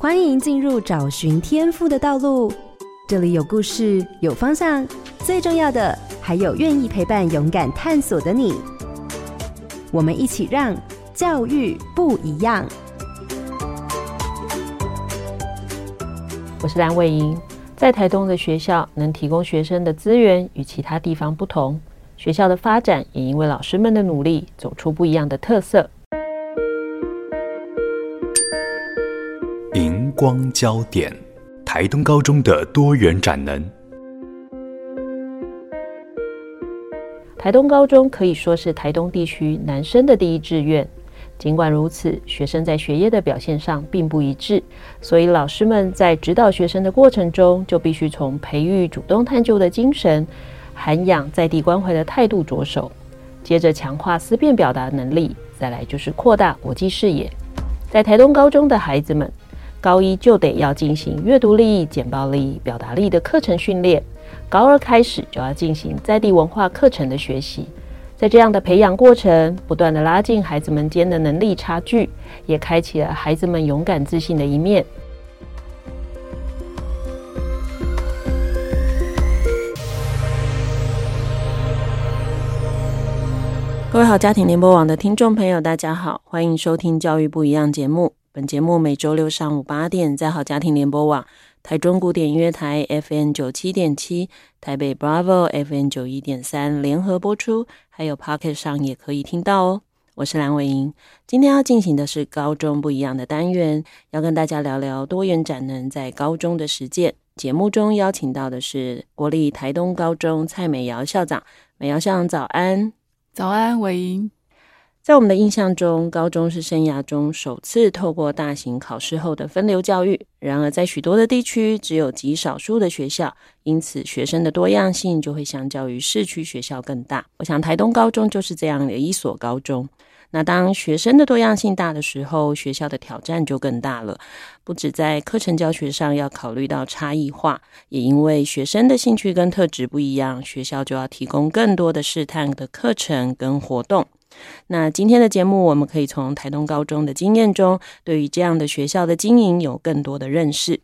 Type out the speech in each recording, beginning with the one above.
歡迎進入找尋天賦的道路，這裡有故事，有方向，最重要的還有願意陪伴、勇敢探索的你。我們一起讓教育不一樣。我是藍偉瑩，在台東的學校能提供學生的資源與其他地方不同，學校的發展也因為老師們的努力，走出不一樣的特色。光焦點，台東高中的多元展能。台東高中可以說是台東地區男生的第一志願。儘管如此，學生在學業的表現上並不一致，所以老師們在指導學生的過程中，就必須從培育主動探究的精神、涵養在地關懷的態度着手，接着強化思辨表達能力，再來就是擴大國際視野。在台東高中的孩子們。高一就得要進行閱讀力、簡報力、表達力的課程訓練，高二開始就要進行在地文化課程的學習。在這樣的培養過程，不斷地拉近孩子們間的能力差距，也開啟了孩子們勇敢自信的一面。各位好家庭聯播網的聽眾朋友，大家好，歡迎收聽《教育不一樣》節目。本節目每周六上午八點，在好家庭聯播網、台中古典音樂台 FM 九七點七、台北 Bravo FM 九一點三聯合播出，還有 Pocket 上也可以聽到哦。我是藍偉瑩。今天要進行的是高中不一樣的單元，要跟大家聊聊多元展能在高中的實踐。節目中邀請到的是國立台東高中蔡美瑤校長，美瑤校長早安！早安，偉瑩。在我們的印象中，高中是生涯中首次透過大型考試後的分流教育。然而，在許多的地區，只有極少數的學校，因此學生的多樣性就會相較於市區學校更大。我想台東高中就是這樣的一所高中。那當學生的多樣性大的時候，學校的挑戰就更大了，不止在課程教學上要考慮到差異化，也因為學生的興趣跟特質不一樣，學校就要提供更多的試探的課程跟活動。那今天的節目，我們可以從台東高中的經驗中，對於這樣的學校的經營有更多的認識。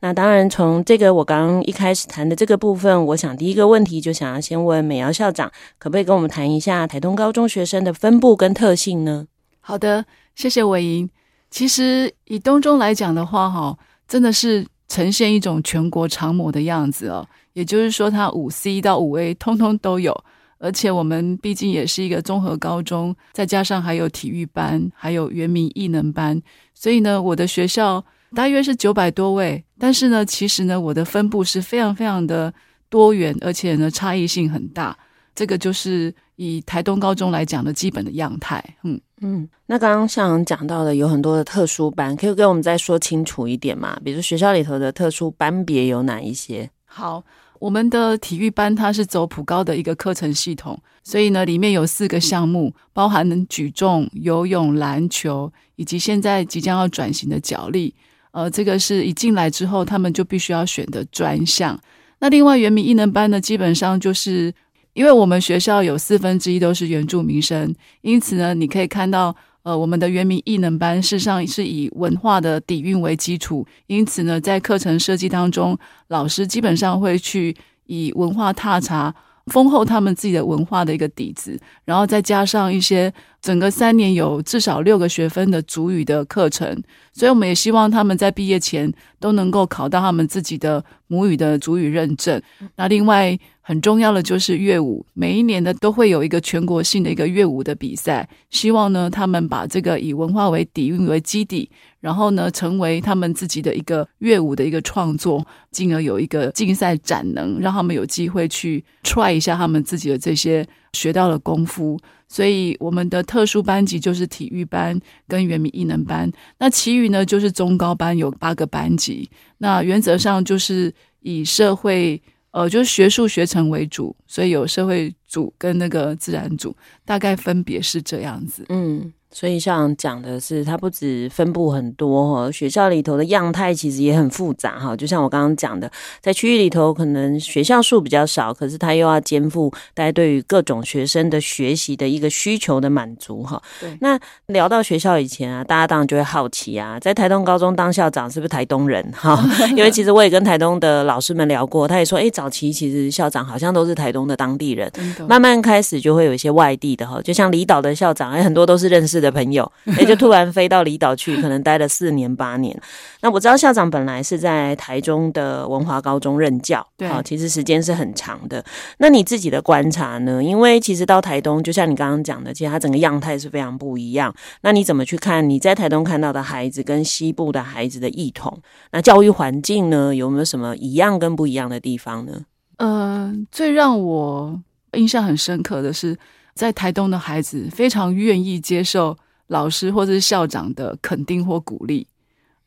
那當然，從這個我剛一開始談的這個部分，我想第一個問題就想要先問美瑤校長，可不可以跟我們談一下台東高中學生的分布跟特性呢？好的，謝謝偉瑩。其實以東中來講的話，哈，真的是呈現一種全國常模的樣子哦。也就是說，它五 C 到五 A 通通都有。而且我們畢竟也是一個綜合高中，再加上還有體育班，還有原民藝能班，所以呢，我的學校大約是九百多位。但是呢，其實呢，我的分布是非常非常的多元，而且呢，差異性很大。這個就是以台東高中來講的基本的樣態。嗯嗯，那剛剛像講到的有很多的特殊班，可以給我們再說清楚一點嗎？比如學校裡頭的特殊班別有哪一些？好。我們的體育班它是走普高的一個課程系統，所以呢，裡面有四個項目，包含舉重、游泳、籃球以及現在即將要轉型的角力。呃，這個是一進來之後他們就必須要選的專項。那另外原民藝能班呢，基本上就是因為我們學校有四分之一都是原住民生，因此呢，你可以看到。呃，我們的原民藝能班事實上是以文化的底蘊為基礎，因此呢，在課程設計當中，老師基本上會去以文化踏查，豐厚他們自己的文化的一個底子，然後再加上一些。整個三年有至少六個學分的族語的課程，所以我們也希望他們在畢業前都能夠考到他們自己的母語的族語認證。那另外很重要的就是樂舞，每一年呢都會有一個全國性的一個樂舞的比賽，希望呢他們把這個以文化為底蘊為基底，然後呢成為他們自己的一個樂舞的一個創作，進而有一個競賽展能，讓他們有機會去 try 一下他們自己的這些。學到了功夫，所以我們的特殊班級就是體育班跟原民藝能班。那其餘呢就是中高班，有八個班級。那原則上就是以社會，呃，就是學術學程為主，所以有社會組跟那個自然組，大概分別是這樣子。嗯。所以像講的是，它不止分布很多哈，學校裡頭的樣態其實也很複雜哈。就像我剛剛講的，在區域裡頭可能學校數比較少，可是它又要肩負大家對於各種學生的學習的一個需求的滿足哈。對那聊到學校以前啊，大家當然就會好奇啊，在台東高中當校長，是不是台東人哈？ 因為其實我也跟台東的老師們聊過，他也說，哎、欸，早期其實校長好像都是台東的當地人，的慢慢開始就會有一些外地的哈，就像離島的校長，也、欸、很多都是認識的朋友，那 就突然飛到離島去，可能待了四年八年。那我知道校長本來是在台中的文華高中任教，對啊，其實時間是很長的。那你自己的觀察呢？因為其實到台東，就像你剛剛講的，其實它整個樣態是非常不一樣。那你怎麼去看你在台東看到的孩子跟西部的孩子的異同？那教育環境呢，有沒有什麼一樣跟不一樣的地方呢？呃，最讓我印象很深刻的是。在台東的孩子非常願意接受老師或者是校長的肯定或鼓勵。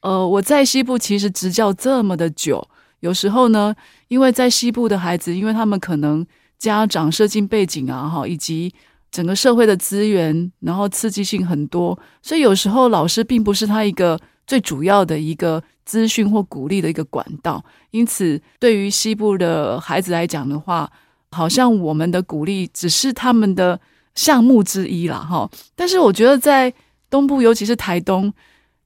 呃，我在西部其實執教這麼的久，有時候呢，因為在西部的孩子，因為他們可能家長社經背景啊，哈，以及整個社會的資源，然後刺激性很多，所以有時候老師並不是他一個最主要的一個資訊或鼓勵的一個管道。因此，對於西部的孩子來講的話，好像我們的鼓勵只是他們的項目之一了哈，但是我覺得在東部，尤其是台東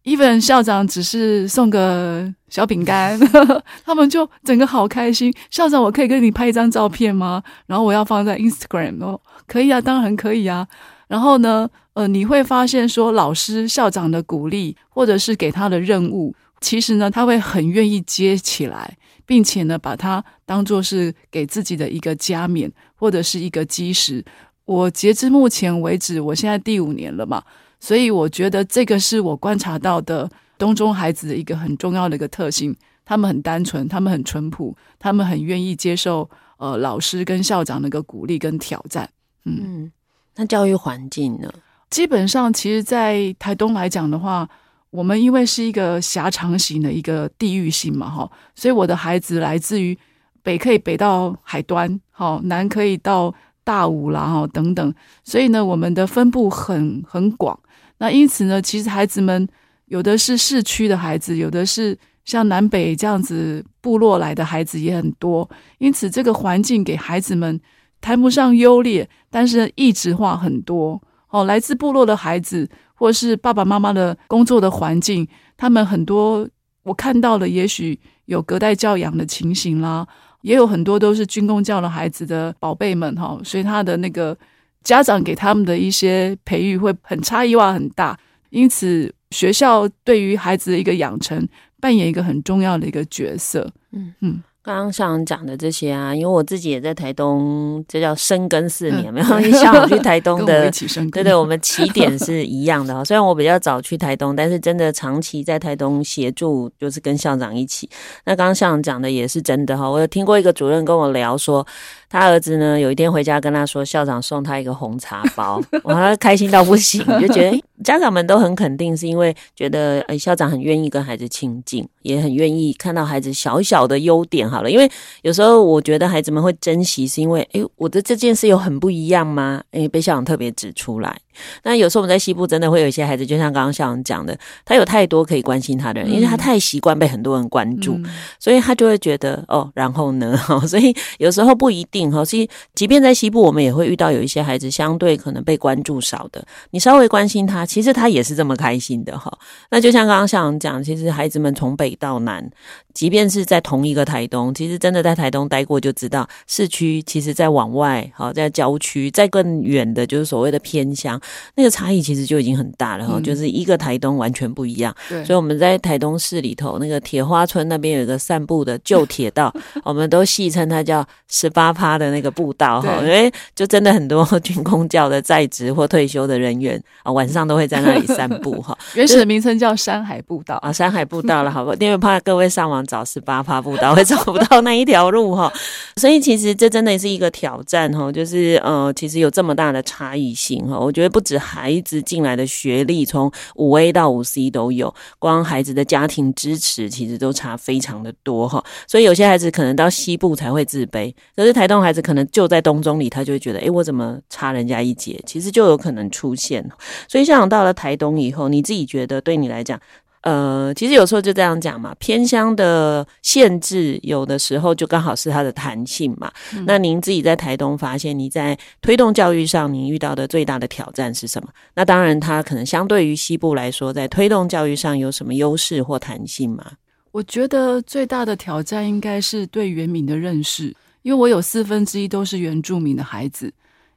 ，even 校長只是送個小餅乾，呵呵，他們就整個好開心。校長，我可以跟你拍一張照片嗎？然後我要放在 Instagram 哦，可以啊，當然可以啊。然後呢，呃，你會發現說，老師、校長的鼓勵，或者是給他的任務，其實呢，他會很願意接起來。並且呢，把它當做是給自己的一個加冕，或者是一個基石。我截至目前為止，我現在第五年了嘛，所以我覺得這個是我觀察到的東中孩子的一個很重要的一個特性。他們很單純，他們很淳樸，他們很願意接受呃老師跟校長的一個鼓勵跟挑戰。嗯，嗯那教育環境呢？基本上，其實在台東來講的話，我們因為是一個狹長型的一個地域性嘛，哈，所以我的孩子來自於北可以北到海端，好，南可以到大武啦，哈等等。所以呢，我們的分布很很廣。那因此呢，其實孩子們有的是市區的孩子，有的是像南北這樣子部落來的孩子也很多。因此，這個環境給孩子們談不上優劣，但是異質化很多。哦，來自部落的孩子，或是爸爸媽媽的工作的環境，他們很多我看到了，也許有隔代教養的情形啦，也有很多都是軍公教的孩子的寶貝們哈、哦，所以他的那個家長給他們的一些培育會很差異化很大，因此學校對於孩子的一個養成扮演一個很重要的一個角色，嗯嗯。剛剛校長講的這些啊，因為我自己也在台東，這叫深耕四年，嗯、沒有？你像我去台東的，對對，我們起點是一樣的哈。 雖然我比較早去台東，但是真的長期在台東協助，就是跟校長一起。那剛剛校長講的也是真的哈，我有聽過一個主任跟我聊說，他兒子呢有一天回家跟他說，校長送他一個紅茶包，我 他開心到不行， 就覺得。家長們都很肯定，是因為覺得誒，校長很願意跟孩子親近，也很願意看到孩子小小的優點。好了，因為有時候我覺得孩子們會珍惜，是因為誒，我的這件事有很不一樣嗎？誒，被校長特別指出來。那有時候我們在西部真的會有一些孩子，就像剛剛校長講的，他有太多可以關心他的人，嗯、因為他太習慣被很多人關注，嗯、所以他就會覺得哦，然後呢，哈，所以有時候不一定哈。所以即便在西部，我們也會遇到有一些孩子相對可能被關注少的，你稍微關心他，其實他也是這麼開心的哈。那就像剛剛校長講，其實孩子們從北到南，即便是在同一個台東，其實真的在台東待過就知道，市區其實，在往外，齁，在郊區，在更遠的，就是所謂的偏鄉。那個差異其實就已經很大了哈，嗯、就是一個台東完全不一樣。對，所以我們在台東市裡頭，那個鐵花村那邊有一個散步的舊鐵道， 我們都戲稱它叫十八趴的那個步道哈，對因為就真的很多軍公教的在職或退休的人員啊、哦，晚上都會在那裡散步哈。原始的名稱叫山海步道啊、哦，山海步道了，好吧，因為怕各位上網找十八趴步道 會找不到那一條路哈，所以其實這真的是一個挑戰哈，就是呃，其實有這麼大的差異性哈，我覺得。不止孩子進來的學歷從五 A 到五 C 都有，光孩子的家庭支持其實都差非常的多哈，所以有些孩子可能到西部才會自卑，可是台東孩子可能就在東中裡，他就會覺得，哎、欸，我怎麼差人家一截？其實就有可能出現，所以像你到了台東以後，你自己覺得對你來講？呃，其實有時候就這樣講嘛，偏鄉的限制有的時候就剛好是它的彈性嘛。嗯。那您自己在台東發現，你在推動教育上，您遇到的最大的挑戰是什麼？那當然，它可能相對於西部來說，在推動教育上有什麼優勢或彈性嗎？我覺得最大的挑戰應該是對原民的認識，因為我有四分之一都是原住民的孩子，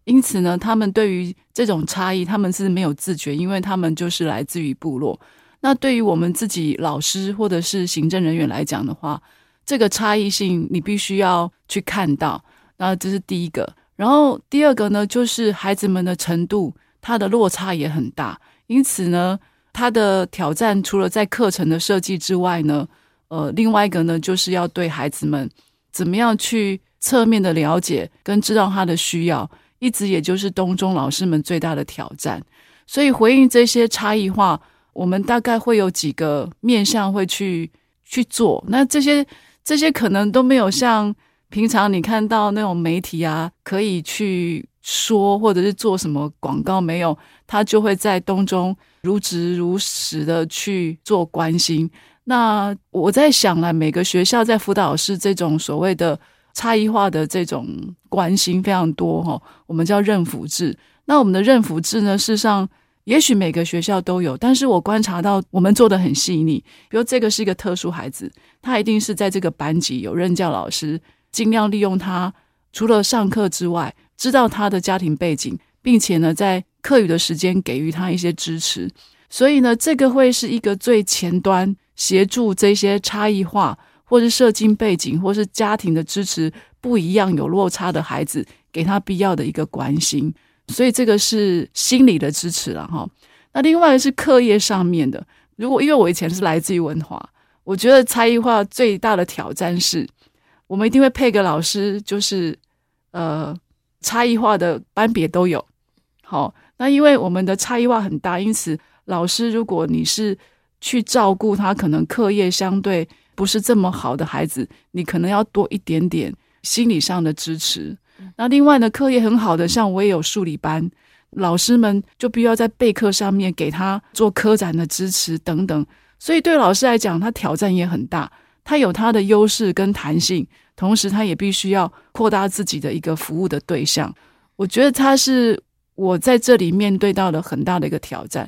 因此呢，他們對於這種差異，他們是沒有自覺，因為他們就是來自於部落。那對於我們自己老師或者是行政人員來講的話，這個差異性你必須要去看到。那這是第一個，然後第二個呢，就是孩子們的程度，他的落差也很大。因此呢，他的挑戰除了在課程的設計之外呢，呃，另外一個呢，就是要對孩子們怎麼樣去側面的了解跟知道他的需要，一直也就是東中老師們最大的挑戰。所以回應這些差異化。我們大概會有幾個面向會去去做，那這些這些可能都沒有像平常你看到那種媒體啊，可以去說或者是做什麼廣告，沒有，他就會在當中如實如實的去做關心。那我在想來，每個學校在輔導室這種所謂的差異化的這種關心非常多哈、哦，我們叫認輔制。那我們的認輔制呢，事實上。也許每個學校都有，但是我觀察到我們做得很細膩。比如這個是一個特殊孩子，他一定是在這個班級有任教老師，儘量利用他除了上課之外，知道他的家庭背景，並且呢，在課餘的時間給予他一些支持。所以呢，這個會是一個最前端協助這些差異化，或是社經背景，或是家庭的支持，不一樣有落差的孩子，給他必要的一個關心。所以這個是心理的支持啦哈。那另外是課業上面的，如果因為我以前是來自於文華，我覺得差異化最大的挑戰是，我們一定會配個老師，就是呃，差異化的班別都有。好，那因為我們的差異化很大，因此老師如果你是去照顧他，可能課業相對不是這麼好的孩子，你可能要多一點點心理上的支持。那另外呢，課業很好的，像我也有數理班，老師們就必須要在備課上面給他做科展的支持等等，所以對老師來講，他挑戰也很大。他有他的優勢跟彈性，同時他也必須要擴大自己的一個服務的對象。我覺得他是我在這裡面對到的很大的一個挑戰。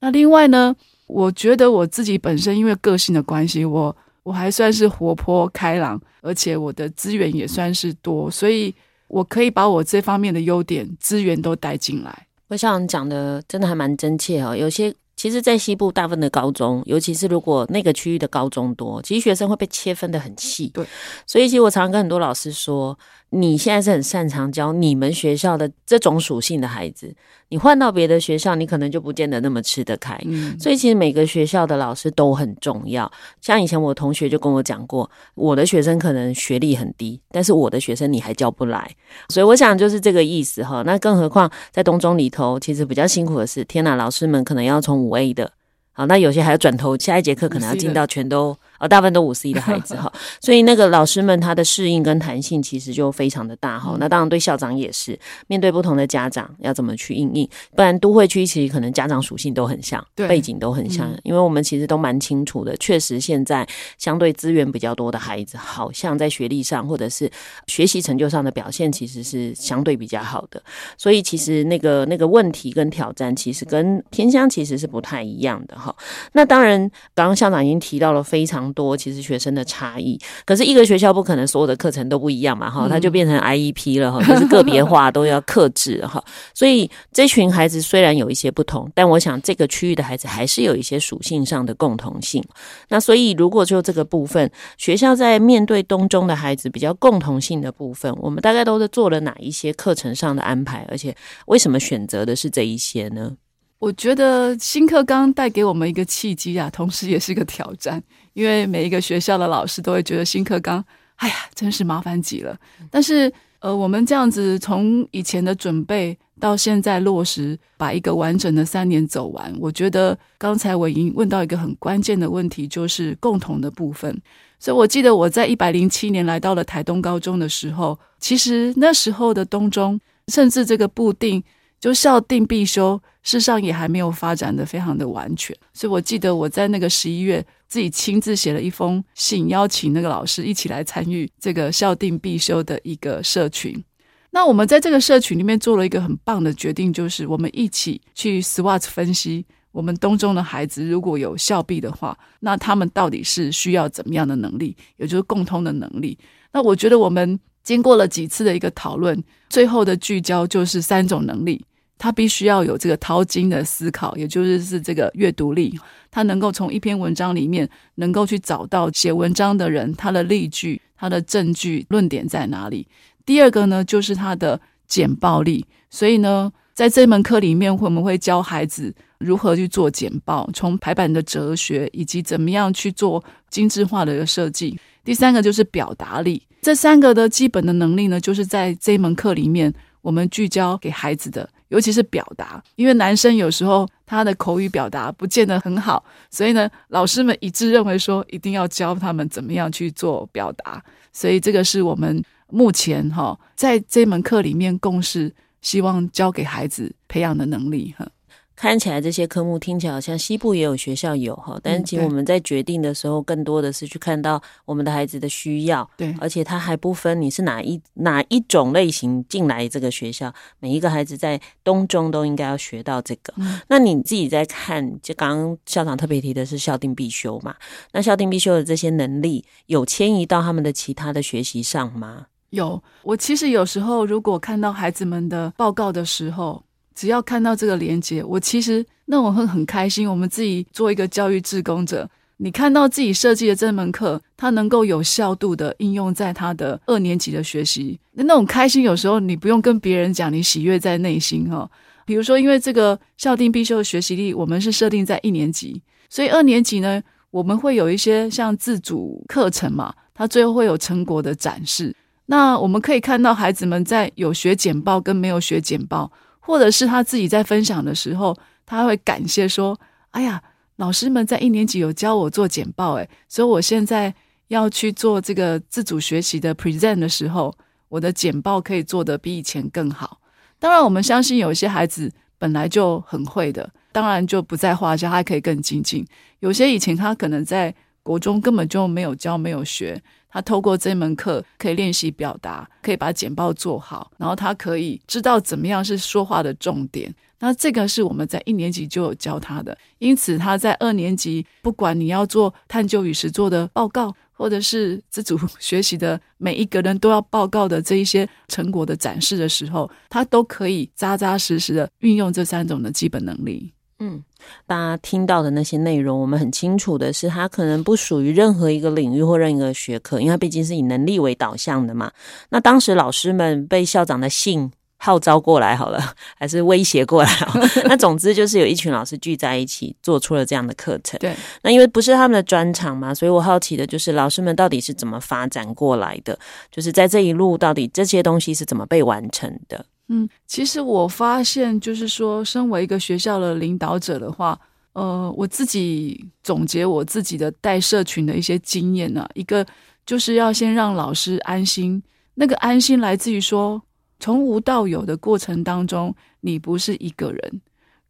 那另外呢，我覺得我自己本身因為個性的關係，我我還算是活潑開朗，而且我的資源也算是多，所以。我可以把我這方面的優點資源都帶進來。我想講的真的還蠻真切哦。有些其實，在西部大部分的高中，尤其是如果那個區域的高中多，其實學生會被切分得很細對。所以其實我常常跟很多老師說。你現在是很擅長教你們學校的這種屬性的孩子，你換到別的學校，你可能就不見得那麼吃得開。嗯，所以其實每個學校的老師都很重要。像以前我同學就跟我講過，我的學生可能學歷很低，但是我的學生你還教不來。所以我想就是這個意思哈。那更何況在東中裡頭，其實比較辛苦的是，天哪，老師們可能要從五 A 的，好，那有些還要轉頭下一節課可能要進到全都，呃、哦，大部分都五 C 的孩子哈， 所以那個老師們他的適應跟彈性其實就非常的大哈。嗯、那當然對校長也是，面對不同的家長要怎麼去應應，不然都會區其實可能家長屬性都很像，對背景都很像，嗯、因為我們其實都蠻清楚的，確實現在相對資源比較多的孩子，好像在學歷上或者是學習成就上的表現，其實是相對比較好的。所以其實那個那個問題跟挑戰，其實跟天香其實是不太一樣的哈、哦。那當然，剛剛校長已經提到了非常多其實學生的差異，可是一個學校不可能所有的課程都不一樣嘛，哈、嗯，它就變成 IEP 了哈，就是個別化都要客製哈。 所以這群孩子雖然有一些不同，但我想這個區域的孩子還是有一些屬性上的共同性。那所以如果就這個部分，學校在面對東中的孩子比較共同性的部分，我們大概都是做了哪一些課程上的安排？而且為什麼選擇的是這一些呢？我覺得新課綱帶給我們一個契機啊，同時也是一個挑戰。因為每一個學校的老師都會覺得新課綱，哎呀，真是麻煩極了。但是，呃，我們這樣子從以前的準備到現在落實，把一個完整的三年走完，我覺得剛才我已經問到一個很關鍵的問題，就是共同的部分。所以我記得我在一百零七年來到了台東高中的時候，其實那時候的東中，甚至這個部定就校定必修，事實上也還沒有發展得非常的完全，所以我記得我在那個十一月自己親自寫了一封信，邀請那個老師一起來參與這個校訂必修的一個社群。那我們在這個社群裡面做了一個很棒的決定，就是我們一起去 SWOT 分析我們東中的孩子，如果有校必的話，那他們到底是需要怎麼樣的能力，也就是共通的能力。那我覺得我們經過了幾次的一個討論，最後的聚焦就是三種能力。他必須要有這個淘金的思考，也就是是這個閱讀力，他能夠從一篇文章裡面能夠去找到寫文章的人他的例句、他的證據、論點在哪裡。第二個呢，就是他的簡報力。所以呢，在這門課裡面，我們會教孩子如何去做簡報，從排版的哲學以及怎麼樣去做精緻化的一個設計。第三個就是表達力，這三個的基本的能力呢，就是在這一門課裡面我們聚焦給孩子的。尤其是表達，因為男生有時候他的口語表達不見得很好，所以呢，老師們一致認為說，一定要教他們怎麼樣去做表達。所以這個是我們目前齁，在這門課裡面共識，希望教給孩子培養的能力齁。看起來這些科目聽起來好像西部也有學校有哈，但是其實我們在決定的時候，更多的是去看到我們的孩子的需要，嗯、對，而且它還不分你是哪一哪一種類型進來這個學校，每一個孩子在東中都應該要學到這個。嗯、那你自己在看，就剛剛校長特別提的是校定必修嘛？那校定必修的這些能力有遷移到他們的其他的學習上嗎？有，我其實有時候如果看到孩子們的報告的時候。只要看到這個連結，我其實那我會很開心。我們自己做一個教育志工者，你看到自己設計的這門課，它能夠有效度的應用在它的二年級的學習，那那種開心，有時候你不用跟別人講，你喜悅在內心哈、哦。比如說，因為這個校定必修的學習力，我們是設定在一年級，所以二年級呢，我們會有一些像自主課程嘛，它最後會有成果的展示。那我們可以看到孩子們在有學簡報跟沒有學簡報。或者是他自己在分享的時候，他會感謝說：“哎呀，老師們在一年級有教我做簡報，誒，所以我現在要去做這個自主學習的 present 的時候，我的簡報可以做得比以前更好。當然，我們相信有些孩子本來就很會的，當然就不在話下，他可以更精進。有些以前他可能在國中根本就沒有教，沒有學。”他透過這門課可以練習表達，可以把簡報做好，然後他可以知道怎麼樣是說話的重點。那這個是我們在一年級就有教他的，因此他在二年級，不管你要做探究與實作的報告，或者是自主學習的每一個人都要報告的這一些成果的展示的時候，他都可以扎扎實實的運用這三種的基本能力。嗯，大家聽到的那些內容，我們很清楚的是，它可能不屬於任何一個領域或任何一個學科，因為他畢竟是以能力為導向的嘛。那當時老師們被校長的信號召過來好了，還是威脅過來好？ 那總之就是有一群老師聚在一起，做出了這樣的課程。對， 那因為不是他們的專長嘛，所以我好奇的就是，老師們到底是怎麼發展過來的？就是在這一路，到底這些東西是怎麼被完成的？嗯，其實我發現，就是說，身為一個學校的領導者的話，呃，我自己總結我自己的帶社群的一些經驗呢、啊，一個就是要先讓老師安心，那個安心來自於說，從無到有的過程當中，你不是一個人。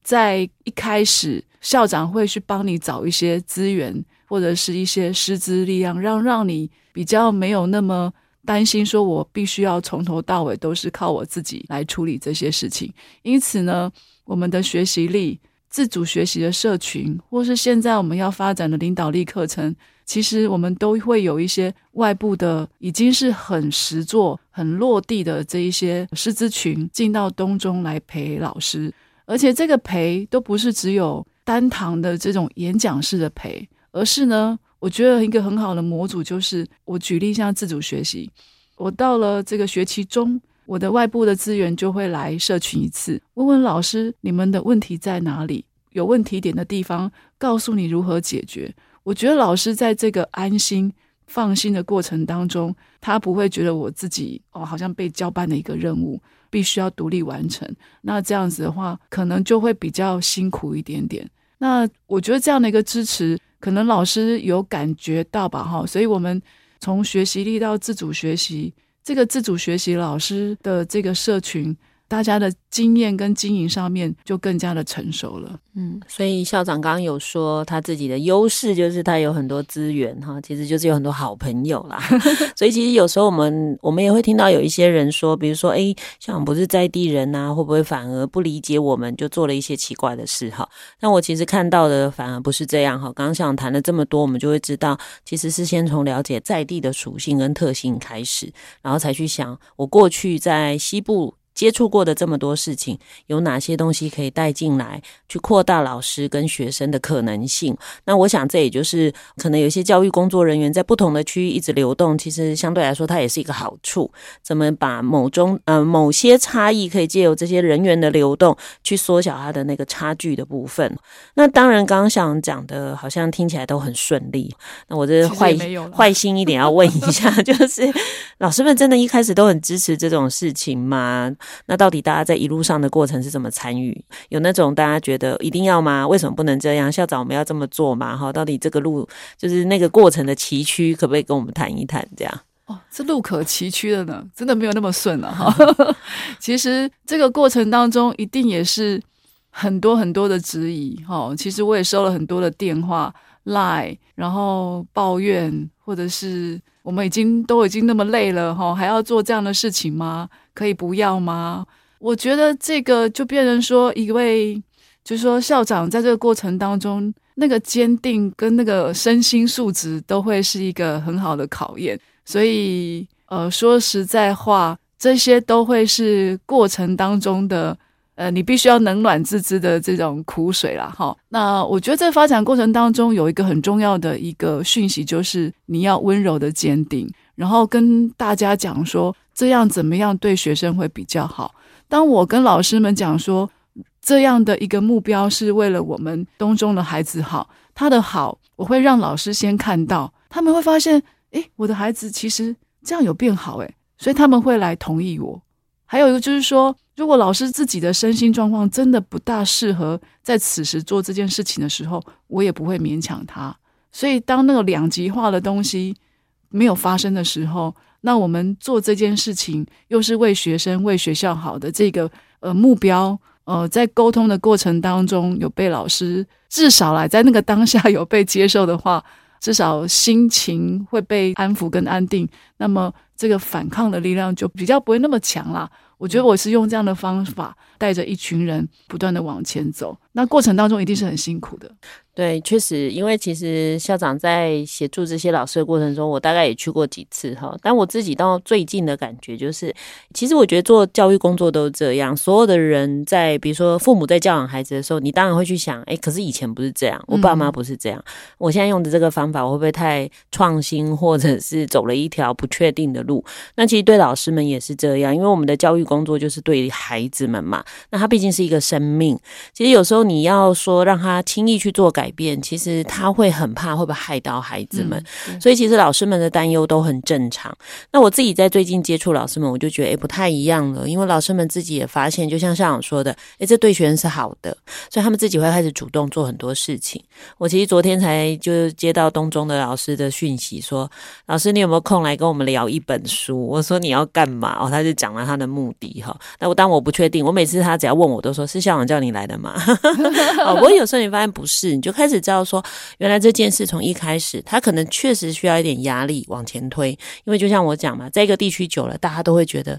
在一開始，校長會去幫你找一些資源或者是一些師資力量，讓讓你比較沒有那麼擔心說，我必須要從頭到尾都是靠我自己來處理這些事情。因此呢，我們的學習力、自主學習的社群，或是現在我們要發展的領導力課程，其實我們都會有一些外部的，已經是很實作、很落地的這一些師資群進到東中來陪老師，而且這個陪都不是只有單堂的這種演講式的陪，而是呢。我覺得一個很好的模組就是，我舉例一下自主學習。我到了這個學期中，我的外部的資源就會來社群一次，問問老師你們的問題在哪裡？有問題點的地方，告訴你如何解決。我覺得老師在這個安心放心的過程當中，他不會覺得我自己哦好像被交辦的一個任務，必須要獨立完成。那這樣子的話，可能就會比較辛苦一點點。那我覺得這樣的一個支持，可能老師有感覺到吧，哈，所以我們從學習力到自主學習，這個自主學習老師的這個社群。大家的經驗跟經營上面就更加的成熟了，嗯，所以校長剛剛有說他自己的優勢就是他有很多資源哈，其實就是有很多好朋友啦， 所以其實有時候我們我們也會聽到有一些人說，比如說誒，校長不是在地人吶，會不會反而不理解我們就做了一些奇怪的事哈？那我其實看到的反而不是這樣哈。剛剛校長談了這麼多，我們就會知道，其實是先從了解在地的屬性跟特性開始，然後才去想我過去在西部。接觸過的這麼多事情，有哪些東西可以帶進來，去擴大老師跟學生的可能性？那我想，這也就是可能有些教育工作人員在不同的區域一直流動，其實相對來說，它也是一個好處。怎麼把某中呃某些差異，可以借由這些人員的流動，去縮小它的那個差距的部分？那當然，剛剛想講的，好像聽起來都很順利。那我這壞壞心一點要問一下， 就是老師們真的一開始都很支持這種事情嗎？那到底大家在一路上的過程是怎麼參與？有那種大家覺得一定要嗎？為什麼不能這樣？校長我們要這麼做嗎？哈，到底這個路就是那個過程的崎嶇，可不可以跟我們談一談，這樣？哦，這路可崎嶇了呢，真的沒有那麼順了哈。 其實這個過程當中，一定也是很多很多的質疑哈、哦。其實我也收了很多的電話、LINE，然後抱怨，或者是。我們已經都已經那麼累了哈，還要做這樣的事情嗎？可以不要嗎？我覺得這個就變成說一位，就是說校長在這個過程當中，那個堅定跟那個身心素質都會是一個很好的考驗。所以，呃，說實在話，這些都會是過程當中的。呃，你必須要冷暖自知的這種苦水啦，哈。那我覺得在發展過程當中，有一個很重要的一個訊息，就是你要溫柔的堅定，然後跟大家講說這樣怎麼樣對學生會比較好。當我跟老師們講說這樣的一個目標是為了我們東中的孩子好，他的好，我會讓老師先看到，他們會發現，誒、欸，我的孩子其實這樣有變好、欸，誒，所以他們會來同意我。還有一個就是說，如果老師自己的身心狀況真的不大適合在此時做這件事情的時候，我也不會勉強他。所以，當那個兩極化的東西沒有發生的時候，那我們做這件事情又是為學生、為學校好的這個，呃，目標，呃，在溝通的過程當中有被老師至少來在那個當下有被接受的話。至少心情會被安撫跟安定，那麼這個反抗的力量就比較不會那麼強啦。我覺得我是用這樣的方法。帶着一群人不斷的往前走，那過程當中一定是很辛苦的。嗯。對，確實，因為其實校長在協助這些老師的過程中，我大概也去過幾次哈。但我自己到最近的感覺就是，其實我覺得做教育工作都這樣。所有的人在，比如說父母在教養孩子的時候，你當然會去想，哎，可是以前不是這樣，我爸媽不是這樣。嗯。我現在用的這個方法，我會不會太創新，或者是走了一條不確定的路？那其實對老師們也是這樣，因為我們的教育工作就是對孩子們嘛。那他畢竟是一個生命，其實有時候你要說讓他輕易去做改變，其實他會很怕，會不會害到孩子們？嗯、所以其實老師們的擔憂都很正常。那我自己在最近接觸老師們，我就覺得哎，不太一樣了，因為老師們自己也發現，就像校長說的，哎，這對學生是好的，所以他們自己會開始主動做很多事情。我其實昨天才就接到東中的老師的訊息說，說老師你有沒有空來跟我們聊一本書？我說你要幹嘛？哦，他就講了他的目的哈。那我當我不確定，我每次。他只要問我，都說是校長叫你來的嘛？我 有時候你發現不是，你就開始知道說，原來這件事從一開始，他可能確實需要一點壓力往前推，因為就像我講嘛，在一個地區久了，大家都會覺得。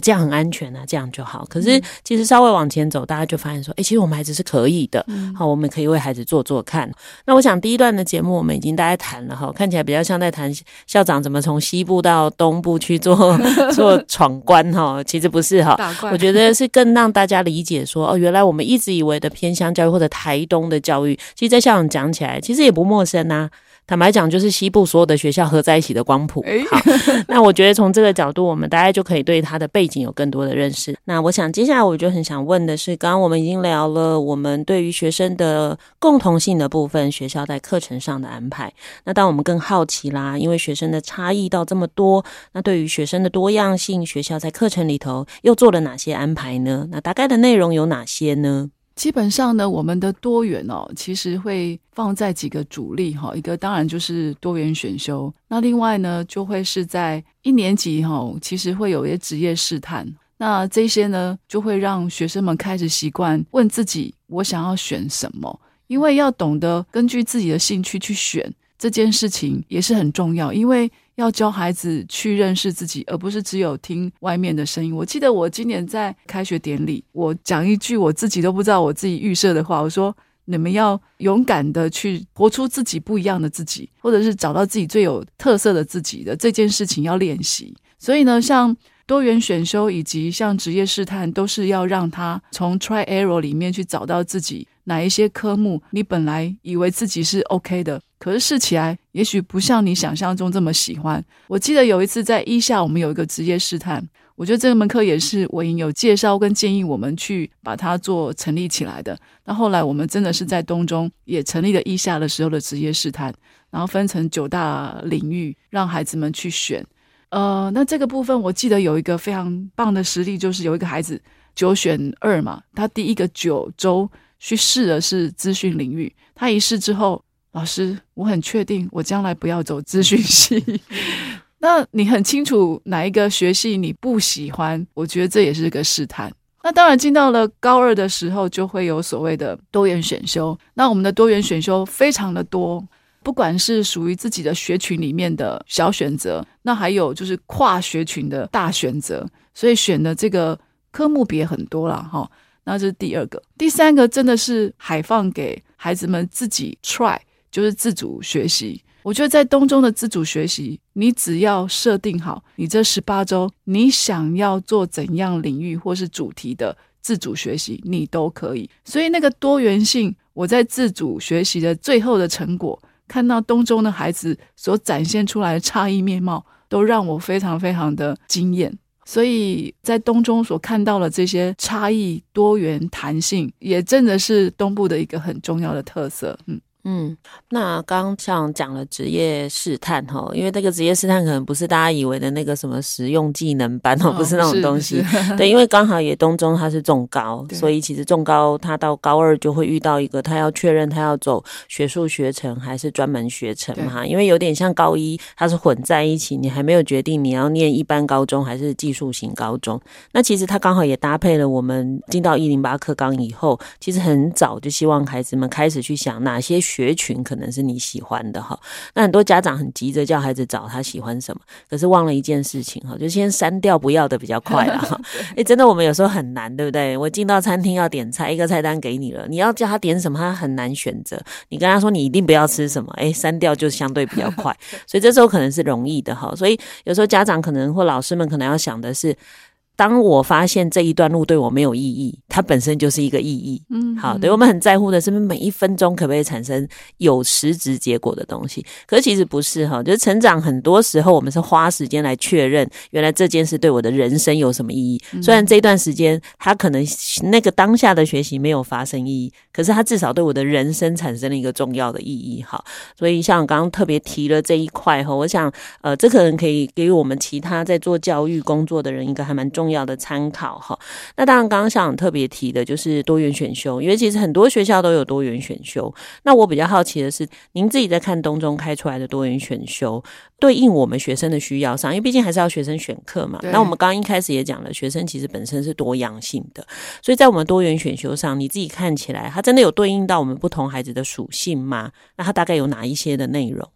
這樣很安全啊，這樣就好。可是其實稍微往前走，大家就發現說，誒，欸，其實我們孩子是可以的。好，嗯，哦，我們可以為孩子做做看。那我想第一段的節目我們已經大家談了哈，看起來比較像在談校長怎麼從西部到東部去做 做闖關哈。其實不是哈，我覺得是更讓大家理解說，哦，原來我們一直以為的偏鄉教育或者台東的教育，其實在校長講起來，其實也不陌生啊。坦白講，就是西部所有的學校合在一起的光譜。好，那我覺得從這個角度，我們大家就可以對它的背景有更多的認識。 那我想接下來我就很想問的是，剛剛我們已經聊了我們對於學生的共同性的部分，學校在課程上的安排。那當我們更好奇啦，因為學生的差異到這麼多，那對於學生的多樣性，學校在課程裡頭又做了哪些安排呢？那大概的內容有哪些呢？基本上呢，我們的多元哦，其實會放在幾個主力哈，一個當然就是多元選修，那另外呢，就會是在一年級哈，其實會有一些職業試探，那這些呢，就會讓學生們開始習慣問自己，我想要選什麼，因為要懂得根據自己的興趣去選，這件事情也是很重要，因為要教孩子去認識自己，而不是只有聽外面的聲音。我記得我今年在開學典禮，我講一句我自己都不知道我自己預設的話，我說：“你們要勇敢的去活出自己不一樣的自己，或者是找到自己最有特色的自己的，這件事情要練習。”所以呢，像多元選修以及像職業試探，都是要讓他從 try error 裡面去找到自己。哪一些科目你本來以為自己是 OK 的，可是試起來也許不像你想象中這麼喜歡。我記得有一次在一下，我們有一個職業試探，我覺得這門課也是偉瑩有介紹跟建議我們去把它做成立起來的。那後來我們真的是在東中也成立了一下的時候的職業試探，然後分成九大領域讓孩子們去選。呃，那這個部分我記得有一個非常棒的實例，就是有一個孩子九選二嘛，他第一個九週。去試的是資訊領域，他一試之後，老師，我很確定我將來不要走資訊系。 那你很清楚哪一個學系你不喜歡，我覺得這也是個試探。那當然進到了高二的時候，就會有所謂的多元選修。那我們的多元選修非常的多，不管是屬於自己的學群裡面的小選擇，那還有就是跨學群的大選擇，所以選的這個科目別，很多了哈。那這是第二個，第三個真的是海放給孩子們自己 try，就是自主學習。我覺得在東中的自主學習，你只要設定好你這十八周，你想要做怎樣領域或是主題的自主學習，你都可以。所以那個多元性，我在自主學習的最後的成果，看到東中的孩子所展現出來的差異面貌，都讓我非常非常的驚艷。所以在東中所看到的這些差異、多元、彈性，也真的是東部的一個很重要的特色。嗯。嗯，那剛像講了職業試探哦，因為這個職業試探可能不是大家以為的那個什麼實用技能班哦，不是那種東西。哦、對，因為剛好也東中他是綜高，對所以其實綜高他到高二就會遇到一個他要確認他要走學術學程還是專門學程嘛，對因為有點像高一他是混在一起，你還沒有決定你要念一般高中還是技術型高中。那其實他剛好也搭配了我們進到一零八課綱以後，其實很早就希望孩子們開始去想哪些學學群可能是你喜歡的哈，那很多家長很急着叫孩子找他喜歡什麼，可是忘了一件事情哈，就先刪掉不要的比較快哈。哎 對、欸，真的我們有時候很難，對不對？我進到餐廳要點菜，一個菜單給你了，你要叫他點什麼，他很難選擇。你跟他說你一定不要吃什麼，哎、欸，刪掉就相對比較快，所以這時候可能是容易的哈。所以有時候家長可能或老師們可能要想的是。當我發現這一段路對我沒有意義，它本身就是一個意義。嗯，好，對，我們很在乎的是每一分鐘可不可以產生有實質結果的東西。可是其實不是哈，就是成長很多時候我們是花時間來確認，原來這件事對我的人生有什麼意義。雖然這段時間他可能那個當下的學習沒有發生意義，可是他至少對我的人生產生了一個重要的意義哈。所以像我剛剛特別提了這一塊哈，我想呃，這可能可以給我們其他在做教育工作的人一個還蠻重。重要的參考哈，那當然剛剛校長特別提的就是多元選修，因為其實很多學校都有多元選修。那我比較好奇的是，您自己在看東中開出來的多元選修，對應我們學生的需要上，因為畢竟還是要學生選課嘛。對那我們剛剛一開始也講了，學生其實本身是多樣性的，所以在我們多元選修上，你自己看起來，它真的有對應到我們不同孩子的屬性嗎？那它大概有哪一些的內容？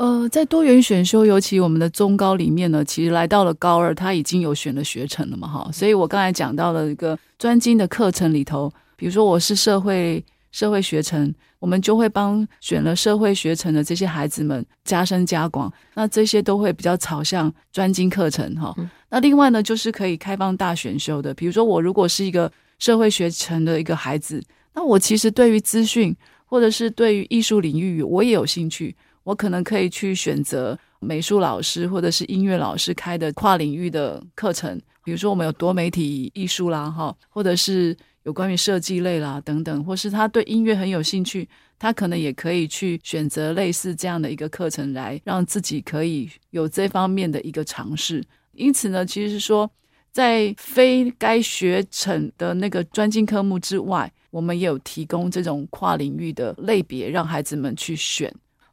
呃，在多元選修，尤其我們的中高裡面呢，其實來到了高二，他已經有選了學程了嘛，哈，所以我剛才講到了一個專精的課程裡頭，比如說我是社會社會學程，我們就會幫選了社會學程的這些孩子們加深加廣，那這些都會比較朝向專精課程哈。那另外呢，就是可以開放大選修的，比如說我如果是一個社會學程的一個孩子，那我其實對於資訊或者是對於藝術領域，我也有興趣。我可能可以去選擇美術老師或者是音樂老師開的跨領域的課程，比如說我們有多媒體藝術啦，哈，或者是有關於設計類啦等等，或是他對音樂很有興趣，他可能也可以去選擇類似這樣的一個課程，來讓自己可以有這方面的一個嘗試。因此呢，其實是說，在非該學程的那個專精科目之外，我們也有提供這種跨領域的類別，讓孩子們去選。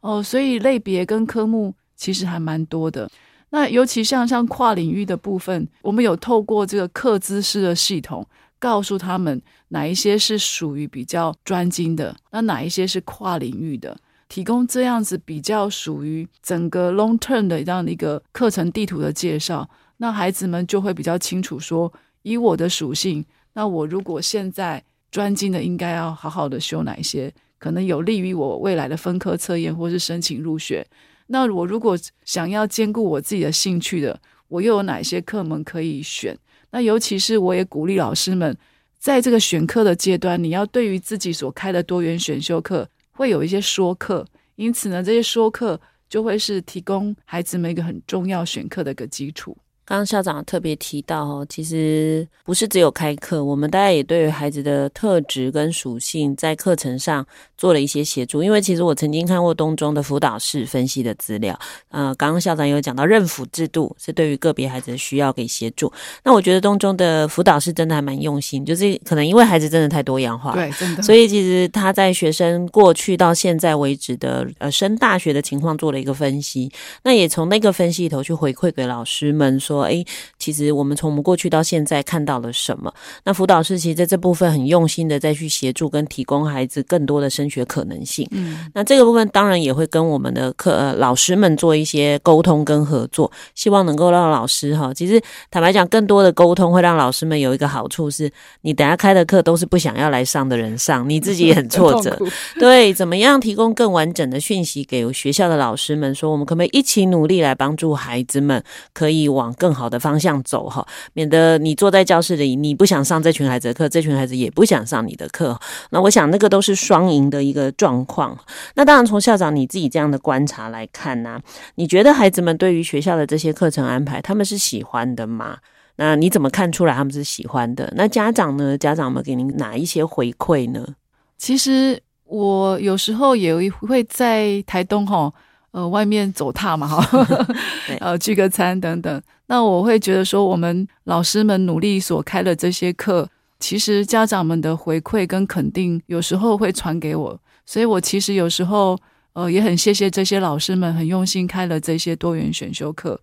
哦，所以類別跟科目其實還蠻多的。那尤其像像跨領域的部分，我們有透過這個課諮師的系統，告訴他們哪一些是屬於比較專精的，那哪一些是跨領域的，提供這樣子比較屬於整個 long term 的這樣的一個課程地圖的介紹，那孩子們就會比較清楚說，以我的屬性，那我如果現在專精的，應該要好好的修哪一些。可能有利於我未來的分科測驗，或是申請入學。那我如果想要兼顧我自己的興趣的，我又有哪些課門可以選？那尤其是我也鼓勵老師們，在這個選課的階段，你要對於自己所開的多元選修課會有一些說課，因此呢，這些說課就會是提供孩子們一個很重要選課的一個基礎。剛剛校長特別提到，哦，其實不是只有開課，我們大家也對於孩子的特質跟屬性，在課程上做了一些協助。因為其實我曾經看過東中的輔導室分析的資料，呃，剛剛校長有講到認輔制度，是對於個別孩子的需要給協助。那我覺得東中的輔導室真的還蠻用心，就是可能因為孩子真的太多樣化，對，真的，所以其實他在學生過去到現在為止的呃升大學的情況做了一個分析，那也從那個分析裡頭去回饋給老師們說。說誒、欸，其實我們從我們過去到現在看到了什麼？那輔導師其實在這部分很用心的再去協助跟提供孩子更多的升學可能性。嗯，那這個部分當然也會跟我們的課、呃、老師們做一些溝通跟合作，希望能夠讓老師哈，其實坦白講，更多的溝通會讓老師們有一個好處是，你等下開的課都是不想要來上的人上，你自己也很挫折。 苦對，怎麼樣提供更完整的訊息給學校的老師們，說我們可不可以一起努力來幫助孩子們，可以往更更好的方向走哈，免得你坐在教室裡，你不想上這群孩子的課，這群孩子也不想上你的課。那我想那個都是雙贏的一個狀況。那當然，從校長你自己這樣的觀察來看呢、啊，你覺得孩子們對於學校的這些課程安排，他們是喜歡的嗎？那你怎麼看出來他們是喜歡的？那家長呢？家長們給您哪一些回饋呢？其實我有時候也會在台東哈、哦，呃，外面走踏嘛哈，呃 對，聚個餐等等。那我會覺得說，我們老師們努力所開的這些課，其實家長們的回饋跟肯定，有時候會傳給我，所以我其實有時候，呃，也很謝謝這些老師們，很用心開了這些多元選修課。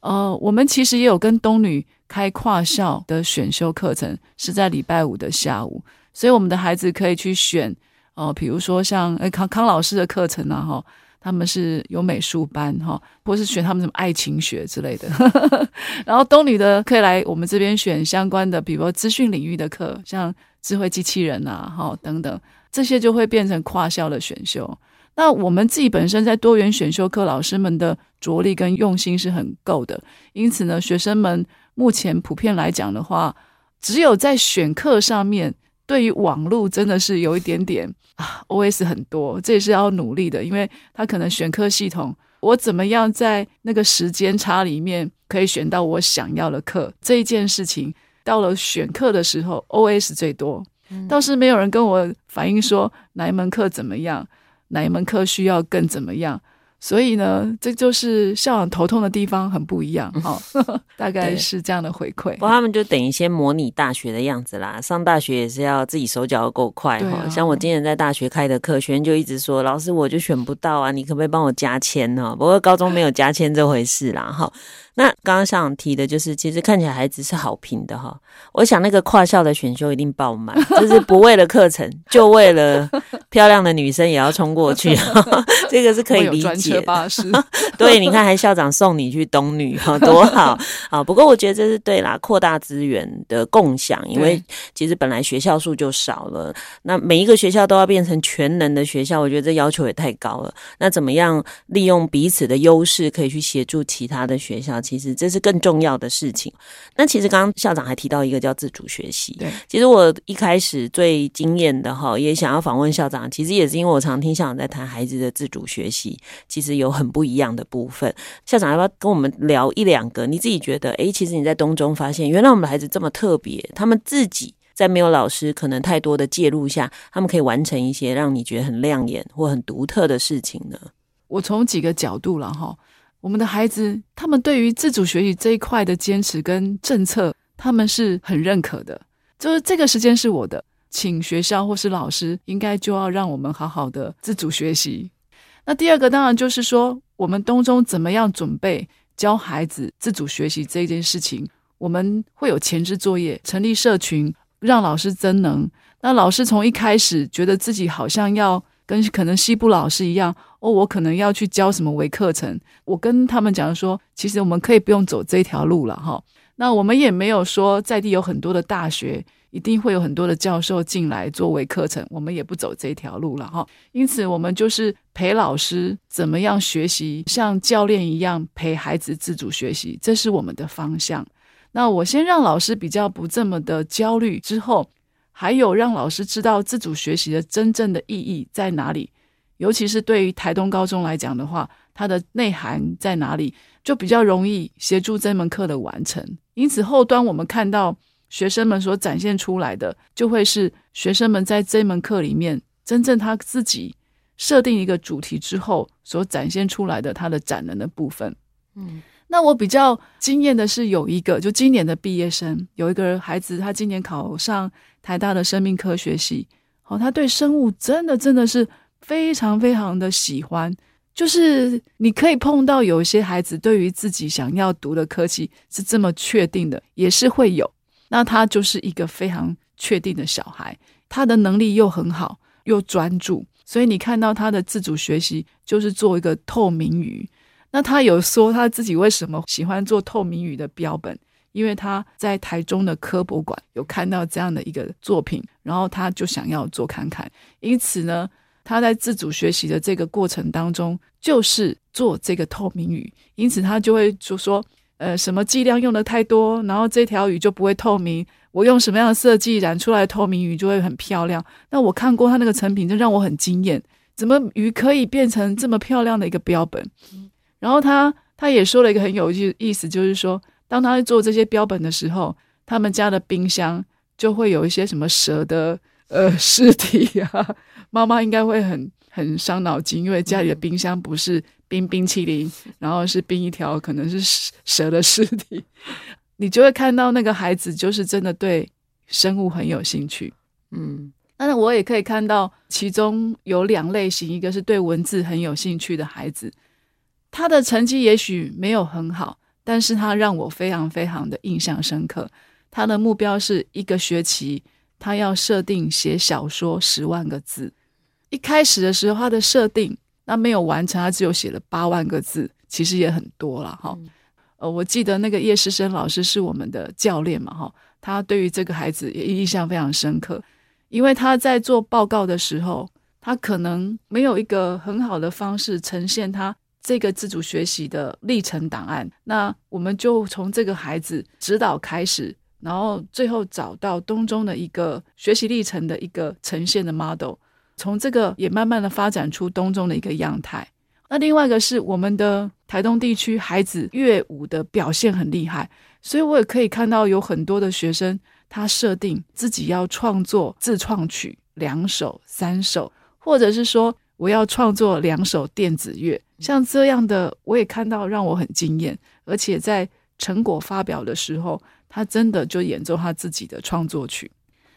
呃，我們其實也有跟東女開跨校的選修課程，是在禮拜五的下午，所以我們的孩子可以去選，呃，比如說像哎康康老師的課程啊，哈、哦。他們是有美術班哈，或是選他們什麼愛情學之類的。 然後東女的可以來我們這邊選相關的，比如說資訊領域的課，像智慧機器人啊，齁，等等，這些就會變成跨校的選修。那我們自己本身在多元選修課老師們的着力跟用心是很夠的，因此呢，學生們目前普遍來講的話，只有在選課上面。對於網路真的是有一點點啊，OS 很多，這也是要努力的，因為他可能選課系統，我怎麼樣在那個時間差裡面可以選到我想要的課，這一件事情到了選課的時候，OS 最多，倒是沒有人跟我反映說哪一門課怎麼樣，哪一門課需要更怎麼樣。所以呢，這就是校長頭痛的地方，很不一樣、嗯哦、大概是這樣的回饋。對 不過他們就等於先模擬大學的樣子啦，上大學也是要自己手腳夠快哈、啊哦。像我今年在大學開的課，學生就一直說：“老師，我就選不到啊，你可不可以幫我加簽呢、哦？”不過高中沒有加簽這回事啦，哈、 哦。那剛剛校長提的就是，其實看起來孩子是好評的哈、哦。我想那個跨校的選修一定爆滿，就是不為了課程，就為了漂亮的女生也要衝過去、哦，這個是可以理解。是 對，你看還校長送你去東女哈、哦，多好啊！不過我覺得這是對啦，擴大資源的共享，因為其實本來學校數就少了，那每一個學校都要變成全能的學校，我覺得這要求也太高了。那怎麼樣利用彼此的優勢，可以去協助其他的學校？其實這是更重要的事情。那其實剛剛校長還提到一個叫自主學習。對，其實我一開始最驚豔的哈，也想要訪問校長。其實也是因為我常聽校長在談孩子的自主學習，其實有很不一樣的部分。校長要不要跟我們聊一兩個？你自己覺得，誒，其實你在東中發現，原來我們的孩子這麼特別，他們自己在沒有老師可能太多的介入下，他們可以完成一些讓你覺得很亮眼或很獨特的事情呢？我從幾個角度了哈。我們的孩子，他們對於自主學習這一塊的堅持跟政策，他們是很認可的。就是這個時間是我的，請學校或是老師，應該就要讓我們好好的自主學習。那第二個當然就是說，我們東中怎麼樣準備教孩子自主學習這一件事情？我們會有前置作業，成立社群，讓老師增能。那老師從一開始覺得自己好像要。跟可能西部老師一樣哦，我可能要去教什麼微課程。我跟他們講說，其實我們可以不用走這條路了哈。那我們也沒有說在地有很多的大學，一定會有很多的教授進來做微課程，我們也不走這條路了哈。因此，我們就是陪老師怎麼樣學習，像教練一樣陪孩子自主學習，這是我們的方向。那我先讓老師比較不這麼的焦慮之後。還有讓老師知道自主學習的真正的意義在哪裡，尤其是對於台東高中來講的話，它的內涵在哪裡，就比較容易協助這門課的完成。因此，後端我們看到學生們所展現出來的，就會是學生們在這門課裡面真正他自己設定一個主題之後所展現出來的他的展能的部分。嗯，那我比較驚艷的是有一個，就今年的畢業生，有一個孩子，他今年考上。海大的生命科學系，哦，他對生物真的真的是非常非常的喜歡。就是你可以碰到有些孩子，對於自己想要讀的科系是這麼確定的，也是會有。那他就是一個非常確定的小孩，他的能力又很好，又專注，所以你看到他的自主學習，就是做一個透明魚。那他有說他自己為什麼喜歡做透明魚的標本？因為他在台中的科博館有看到這樣的一個作品，然後他就想要做看看。因此呢，他在自主學習的這個過程當中，就是做這個透明魚。因此他就會就說：“呃，什麼劑量用得太多，然後這條魚就不會透明。我用什麼樣的設計染出來透明魚就會很漂亮。”那我看過他那個成品，就讓我很驚艷。怎麼魚可以變成這麼漂亮的一個標本？然後他他也說了一個很有意思，就是說。當他做這些標本的時候，他們家的冰箱就會有一些什麼蛇的呃屍體呀，啊。媽媽應該會很很傷腦筋，因為家裡的冰箱不是冰冰淇淋，嗯。然後是冰一條可能是蛇的屍體。你就會看到那個孩子就是真的對生物很有興趣。嗯，但是我也可以看到其中有兩類型，一個是對文字很有興趣的孩子，他的成績也許沒有很好。但是他讓我非常非常的印象深刻。他的目標是一個學期，他要設定寫小說十萬個字。一開始的時候，他的設定那沒有完成，他只有寫了八萬個字，其實也很多了哈。哦嗯、呃，我記得那個葉世生老師是我們的教練嘛哈、哦，他對於這個孩子也印象非常深刻，因為他在做報告的時候，他可能沒有一個很好的方式呈現他。這個自主學習的歷程檔案，那我們就從這個孩子指導開始，然後最後找到東中的一個學習歷程的一個呈現的 model，從這個也慢慢的發展出東中的一個樣態。那另外一個是我們的臺東地區孩子樂舞的表現很厲害，所以我也可以看到有很多的學生他設定自己要創作自創曲兩首、三首，或者是說我要創作兩首電子樂。像這樣的我也看到，讓我很驚艷。而且在成果發表的時候，他真的就演奏他自己的創作曲。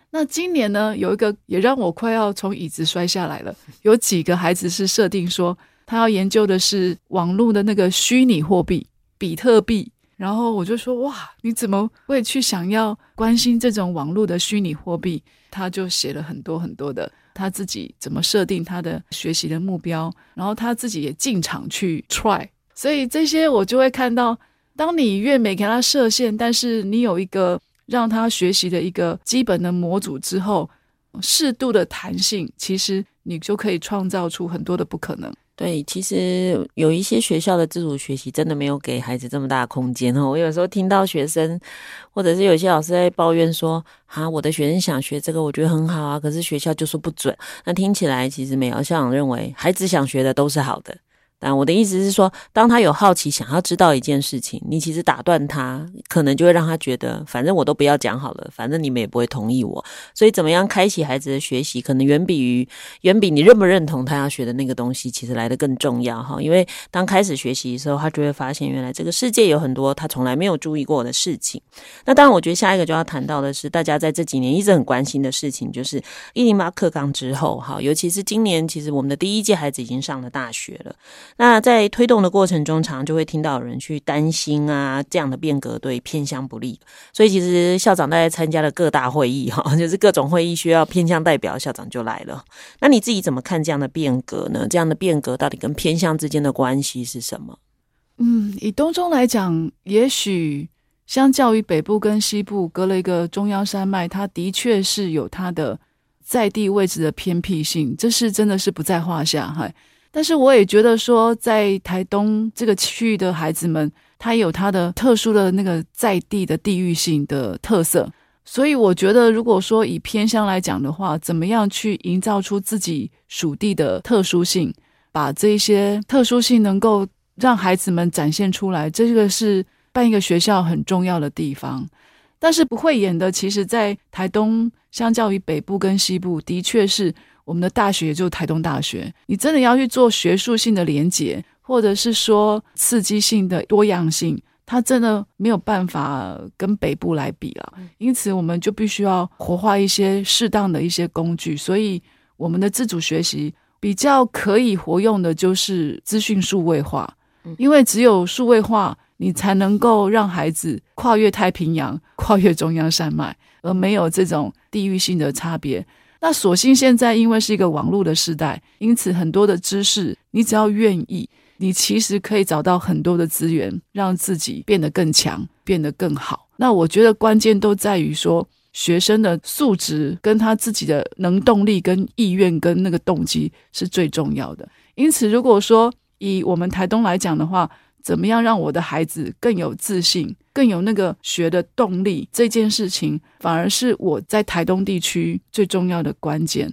那今年呢，有一個也讓我快要從椅子摔下來了。有幾個孩子是設定說，他要研究的是網絡的那個虛擬貨幣，比特幣。然後我就說：“哇，你怎麼會去想要關心這種網絡的虛擬貨幣？”他就寫了很多很多的，他自己怎麼設定他的學習的目標，然後他自己也進場去 try，所以這些我就會看到，當你越沒給他設限，但是你有一個讓他學習的一個基本的模組之後，適度的彈性，其實你就可以創造出很多的不可能。對，其實有一些學校的自主學習真的沒有給孩子這麼大的空間哦。我有時候聽到學生，或者是有些老師在抱怨說：“啊，我的學生想學這個，我覺得很好啊，可是學校就說不准。”那聽起來其實美瑤校長認為，孩子想學的都是好的。但我的意思是說，當他有好奇想要知道一件事情，你其實打斷他，可能就會讓他覺得，反正我都不要講好了，反正你們也不會同意我。所以，怎麼樣開啟孩子的學習，可能遠比於遠比你認不認同他要學的那個東西，其實來得更重要哈。因為當開始學習的時候，他就會發現，原來這個世界有很多他從來沒有注意過的事情。那當然，我覺得下一個就要談到的是，大家在這幾年一直很關心的事情，就是一零八課綱之後哈，尤其是今年，其實我們的第一屆孩子已經上了大學了。那在推動的過程中，常常就會聽到有人去擔心啊，這樣的變革對偏鄉不利。所以其實校長大概參加了各大會議哈，就是各種會議需要偏鄉代表，校長就來了。那你自己怎麼看這樣的變革呢？這樣的變革到底跟偏鄉之間的關係是什麼？嗯，以東中來講，也許相較於北部跟西部隔了一個中央山脈，它的確是有它的在地位置的偏僻性，這是真的是不在話下哈。但是我也覺得說，在台東這個區域的孩子們，他有他的特殊的那個在地的地域性的特色。所以我覺得，如果說以偏鄉來講的話，怎麼樣去營造出自己屬地的特殊性，把這些特殊性能夠讓孩子們展現出來，這個是辦一個學校很重要的地方。但是不會演的，其實在台東，相較於北部跟西部，的確是。我們的大學也就是台東大學，你真的要去做學術性的連結，或者是說刺激性的多樣性，它真的沒有辦法跟北部來比了啊。因此，我們就必須要活化一些適當的一些工具。所以，我們的自主學習比較可以活用的就是資訊數位化，因為只有數位化，你才能夠讓孩子跨越太平洋，跨越中央山脈，而沒有這種地域性的差別。那所幸現在因為是一個網絡的時代，因此很多的知識，你只要願意，你其實可以找到很多的資源，讓自己變得更強，變得更好。那我覺得關鍵都在於說學生的素質跟他自己的能動力、跟意願、跟那個動機是最重要的。因此，如果說以我們台東來講的話，怎麼樣讓我的孩子更有自信？更有那個學的動力，這件事情反而是我在台東地區最重要的關鍵。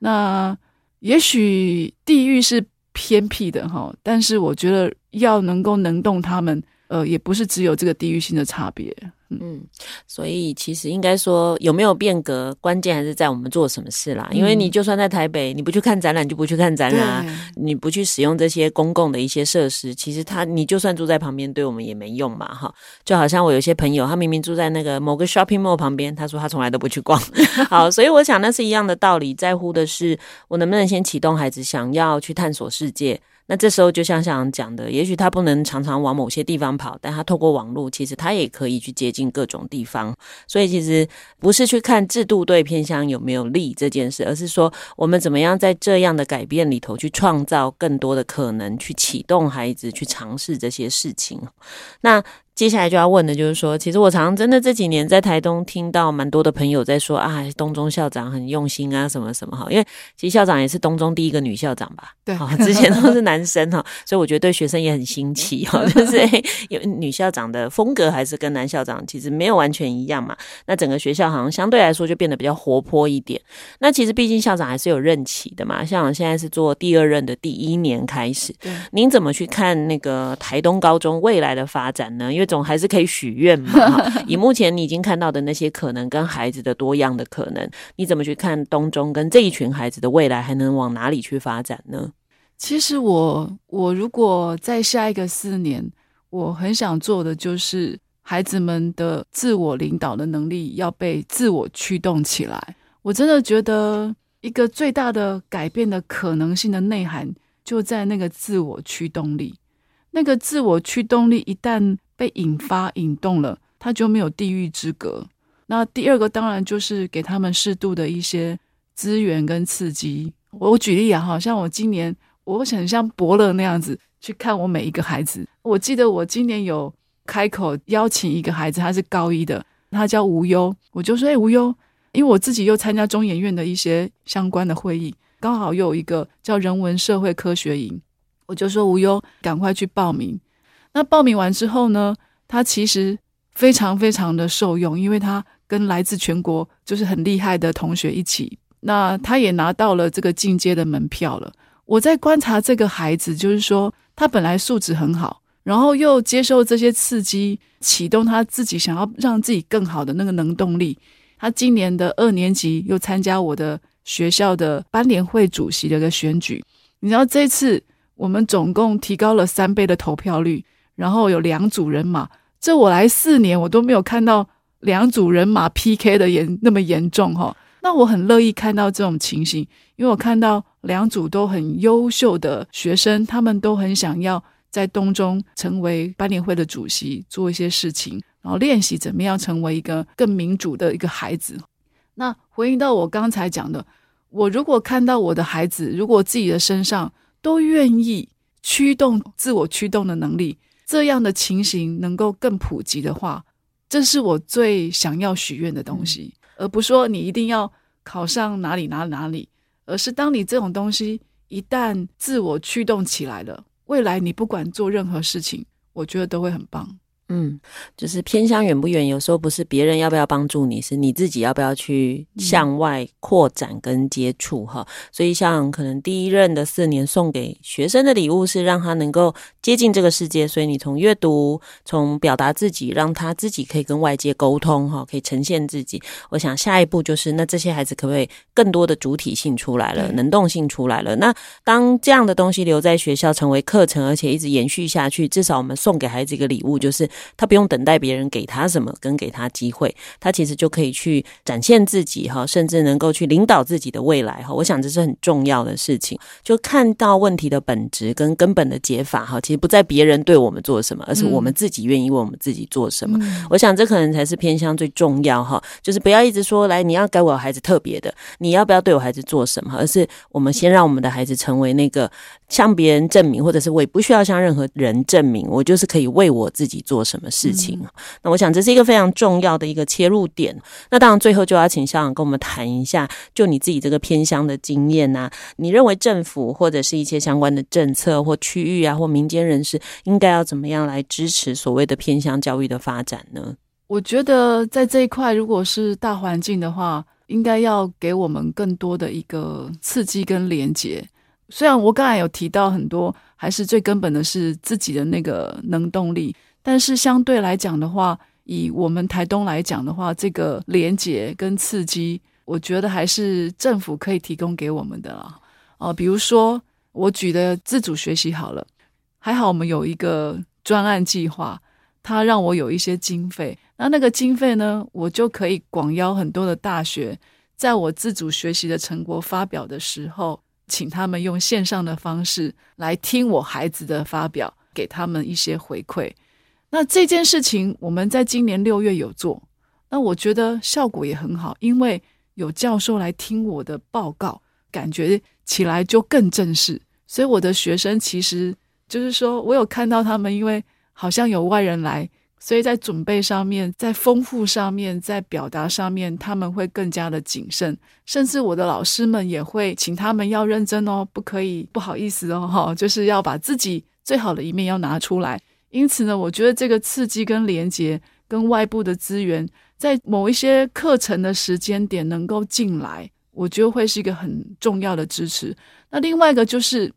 那也許地域是偏僻的哈，但是我覺得要能夠能動他們。呃，也不是只有這個地域性的差別。嗯，嗯，所以其實應該說有沒有變革，關鍵還是在我們做什麼事啦。因為你就算在台北，你不去看展覽就不去看展覽。啊，對你不去使用這些公共的一些設施，其實他你就算住在旁邊，對我們也沒用嘛，哈。就好像我有些朋友，他明明住在那個某個 shopping mall 旁邊，他說他從來都不去逛。 好，所以我想那是一樣的道理，在乎的是我能不能先啟動孩子想要去探索世界。那這時候就像小楊講的，也許他不能常常往某些地方跑，但他透過網絡，其實他也可以去接近各種地方。所以其實不是去看制度對偏鄉有沒有利這件事，而是說我們怎麼樣在這樣的改變裡頭去創造更多的可能，去啟動孩子去嘗試這些事情。那。接下來就要問的就是說，其實我常常真的這幾年在台東聽到蠻多的朋友在說啊，東中校長很用心啊，什麼什麼哈。因為其實校長也是東中第一個女校長吧？對，之前都是男生哈， 所以我覺得對學生也很新奇哈。就是有女校長的風格還是跟男校長其實沒有完全一樣嘛。那整個學校好像相對來說就變得比較活潑一點。那其實畢竟校長還是有任期的嘛，像我現在是做第二任的第一年開始。對，您怎麼去看那個台東高中未來的發展呢？因為總還是可以許願嘛，以目前你已經看到的那些可能，跟孩子的多樣的可能，你怎麼去看東中跟這一群孩子的未來還能往哪裡去發展呢？其實我，我如果在下一個四年，我很想做的就是孩子們的自我領導的能力要被自我驅動起來。我真的覺得一個最大的改變的可能性的內涵就在那個自我驅動力。那個自我驅動力一旦被引發、引動了，他就沒有地域之隔。那第二個當然就是給他們適度的一些資源跟刺激。我我舉例啊，好像我今年，我想像伯樂那樣子去看我每一個孩子。我記得我今年有開口邀請一個孩子，他是高一的，他叫吳優，我就說：“哎，吳優，因為我自己又參加中研院的一些相關的會議，剛好又有一個叫人文社會科學營。”我就說無憂，趕快去報名。那報名完之後呢，他其實非常非常的受用，因為他跟來自全國就是很厲害的同學一起。那他也拿到了這個進階的門票了。我在觀察這個孩子，就是說他本來素質很好，然後又接受這些刺激，啟動他自己想要讓自己更好的那個能動力。他今年的二年級又參加我的學校的班聯會主席的一個選舉，你知道這次。我們總共提高了三倍的投票率，然後有兩組人馬。這我來四年，我都沒有看到兩組人馬 PK 的嚴那麼嚴重哈。那我很樂意看到這種情形，因為我看到兩組都很優秀的學生，他們都很想要在東中成為班聯會的主席，做一些事情，然後練習怎麼樣成為一個更民主的一個孩子。那回應到我剛才講的，我如果看到我的孩子，如果自己的身上。都願意驅動自我驅動的能力，這樣的情形能夠更普及的話，這是我最想要許願的東西。而不是說你一定要考上哪裡哪裡哪裡，而是當你這種東西一旦自我驅動起來了，未來你不管做任何事情，我覺得都會很棒。嗯，就是偏鄉遠不遠？有時候不是別人要不要幫助你，是你自己要不要去向外擴展跟接觸哈。嗯、所以像可能第一任的四年送給學生的禮物是讓他能夠接近這個世界，所以你從閱讀，從表達自己，讓他自己可以跟外界溝通哈，可以呈現自己。我想下一步就是，那這些孩子可不可以更多的主體性出來了，能動性出來了？嗯、那當這樣的東西留在學校成為課程，而且一直延續下去，至少我們送給孩子一個禮物就是。他不用等待別人給他什麼，跟給他機會，他其實就可以去展現自己哈，甚至能夠去領導自己的未來哈。我想這是很重要的事情，就看到問題的本質跟根本的解法哈。其實不在別人對我們做什麼，而是我們自己願意為我們自己做什麼。嗯，我想這可能才是偏向最重要哈，就是不要一直說，來你要給我孩子特別的，你要不要對我孩子做什麼，而是我們先讓我們的孩子成為那個向別人證明，或者是我也不需要向任何人證明，我就是可以為我自己做什麼什麼事情？那我想這是一個非常重要的一個切入點。那當然，最後就要請校長跟我們談一下，就你自己這個偏鄉的經驗啊，你認為政府或者是一些相關的政策或區域啊，或民間人士應該要怎麼樣來支持所謂的偏鄉教育的發展呢？我覺得在這一塊，如果是大環境的話，應該要給我們更多的一個刺激跟連結。雖然我剛才有提到很多，還是最根本的是自己的那個能動力。但是相對來講的話，以我們台東來講的話，這個聯結跟刺激，我覺得還是政府可以提供給我們的啦。哦、呃，比如說我舉的自主學習好了，還好我們有一個專案計劃，它讓我有一些經費。那那個經費呢，我就可以廣邀很多的大學，在我自主學習的成果發表的時候，請他們用線上的方式來聽我孩子的發表，給他們一些回饋。那這件事情我們在今年六月有做，那我覺得效果也很好，因為有教授來聽我的報告，感覺起來就更正式。所以我的學生其實就是說我有看到他們，因為好像有外人來，所以在準備上面、在豐富上面、在表達上面，他們會更加的謹慎。甚至我的老師們也會請他們要認真哦，不可以不好意思哦，哦，就是要把自己最好的一面要拿出來。因此呢，我覺得這個刺激跟連結跟外部的資源，在某一些課程的時間點能夠進來，我覺得會是一個很重要的支持。那另外一個就是，因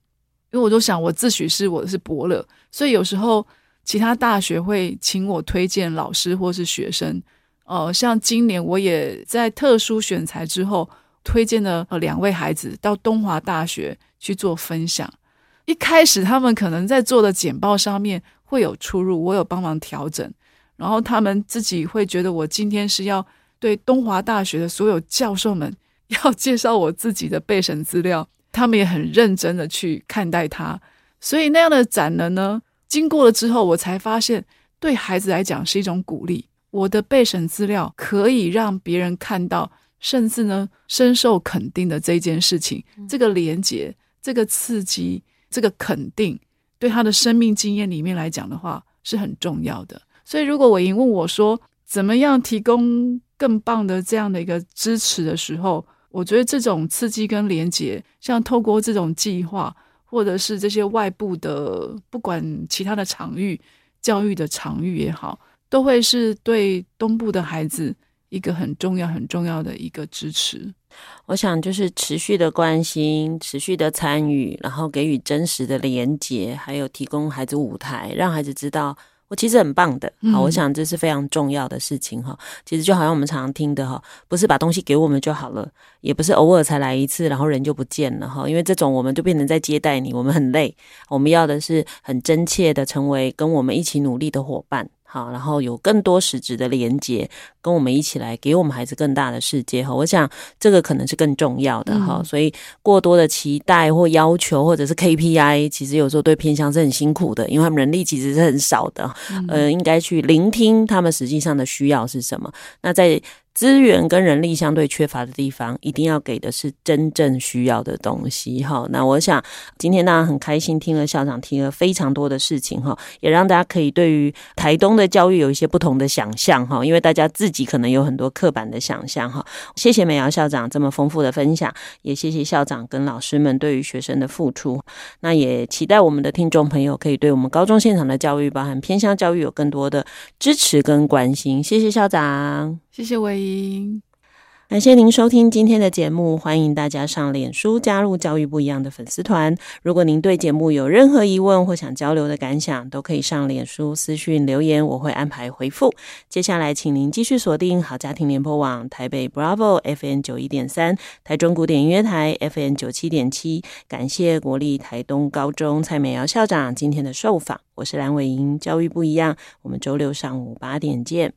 為我都想，我自詡是我的是伯樂，所以有時候其他大學會請我推薦老師或是學生。哦、呃，像今年我也在特殊選才之後，推薦了兩位孩子到東華大學去做分享。一開始他們可能在做的簡報上面。會有出入，我有幫忙調整，然後他們自己會覺得我今天是要對東華大學的所有教授們要介紹我自己的備審資料，他們也很認真的去看待他。所以那樣的展了呢，經過了之後，我才發現對孩子來講是一種鼓勵，我的備審資料可以讓別人看到，甚至呢深受肯定的這件事情，嗯、這個連結，這個刺激，這個肯定。對他的生命經驗裡面來講的話，是很重要的。所以，如果偉瑩問我說怎麼樣提供更棒的這樣的一個支持的時候，我覺得這種刺激跟連接，像透過這種計劃，或者是這些外部的，不管其他的場域、教育的場域也好，都會是對東部的孩子。一個很重要、很重要的一個支持，我想就是持續的關心、持續的參與，然後給予真實的連接，還有提供孩子舞台，讓孩子知道我、哦、其實很棒的。好，我想這是非常重要的事情哈。嗯、其實就好像我們常常聽的哈，不是把東西給我們就好了，也不是偶爾才來一次，然後人就不見了哈。因為這種我們就變成在接待你，我們很累，我們要的是很真切的成為跟我們一起努力的伙伴。好，然後有更多實質的連結，跟我們一起來給我們孩子更大的世界哈。我想這個可能是更重要的哈。嗯、所以過多的期待或要求，或者是 KPI，其實有時候對偏鄉是很辛苦的，因為他們人力其實是很少的。呃、嗯，應該去聆聽他們實際上的需要是什麼。那在。資源跟人力相對缺乏的地方，一定要給的是真正需要的東西。哈，那我想今天大家很開心聽了校長提了非常多的事情，哈，也讓大家可以對於台東的教育有一些不同的想象，哈，因為大家自己可能有很多刻板的想象，哈。謝謝美瑤校長這麼豐富的分享，也謝謝校長跟老師們對於學生的付出。那也期待我們的聽眾朋友可以對我們高中現場的教育，包含偏鄉教育，有更多的支持跟關心。謝謝校長。謝謝偉瑩，感謝您收聽今天的節目。歡迎大家上臉書加入“教育不一樣”的粉絲團。如果您對節目有任何疑問或想交流的感想，都可以上臉書私訊留言，我會安排回復。接下來，請您繼續鎖定好家庭聯播網、台北 Bravo FM 九一點三、台中古典音樂台 FM 九七點七。感謝國立台東高中蔡美瑤校長今天的受訪。我是藍偉瑩，教育不一樣。我們周六上午八點見。